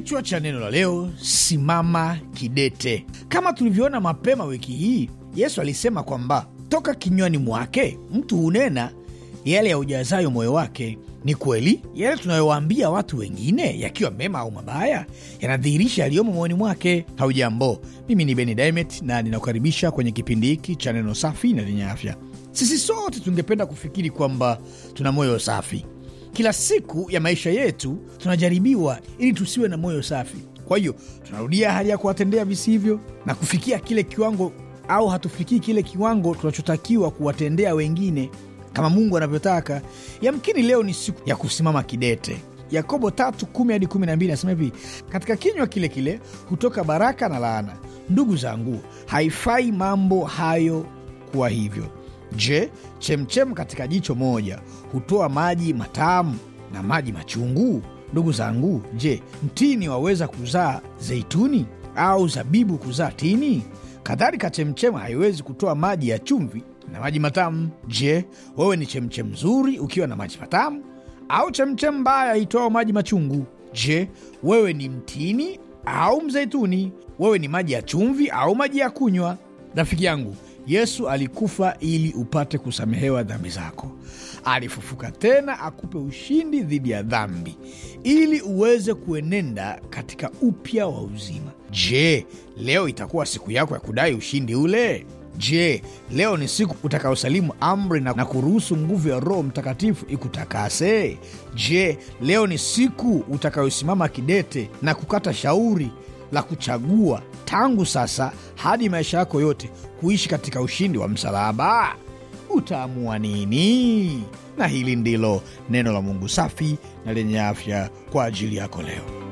Kichwa cha neno la leo: simama kidete. Kama tulivyoona mapema wiki hii, Yesu alisema kwamba toka kinywani mwake mtu hunena yale yaujazayo moyo wake. Ni kweli yale tunayowaambia watu wengine, yakiwa mema au mabaya, yanadhihirisha yaliyomo moyoni mwake. Haujambo, mimi ni Beni Dimet na ninakukaribisha kwenye kipindi hiki cha neno safi na lenye afya. Sisi sote tungependa kufikiri kwamba tuna moyo safi kila siku ya maisha yetu tunajaribiwa ili tusiwe na moyo safi. Kwa hiyo tunarudia hali ya kuwatendea visivyo na kufikia kile kiwango, au hatufikii kile kiwango tunachotakiwa kuwatendea wengine kama Mungu anavyotaka. Yamkini leo ni siku ya kusimama kidete. Yakobo tatu kumi hadi kumi na mbili nasema hivi, katika kinywa kile kile hutoka baraka na laana. Ndugu zangu, haifai mambo hayo kuwa hivyo. Je, chemchem katika jicho moja hutoa maji matamu na maji machungu? Ndugu zangu, je, mtini waweza kuzaa zeituni au zabibu kuzaa tini? Kadhalika, chemchem haiwezi kutoa maji ya chumvi na maji matamu. Je, wewe ni chemchem nzuri ukiwa na maji matamu au chemchem mbaya itoao maji machungu? Je, wewe ni mtini au mzeituni? Wewe ni maji ya chumvi au maji ya kunywa? Rafiki yangu, Yesu alikufa ili upate kusamehewa dhambi zako, alifufuka tena akupe ushindi dhidi ya dhambi, ili uweze kuenenda katika upya wa uzima. Je, leo itakuwa siku yako ya kudai ushindi ule? Je, leo ni siku utakaosalimu amri na kuruhusu nguvu ya Roho Mtakatifu ikutakase? Je, leo ni siku utakayosimama kidete na kukata shauri la kuchagua tangu sasa hadi maisha yako yote kuishi katika ushindi wa msalaba? Utaamua nini? Na hili ndilo neno la Mungu safi na lenye afya kwa ajili yako leo.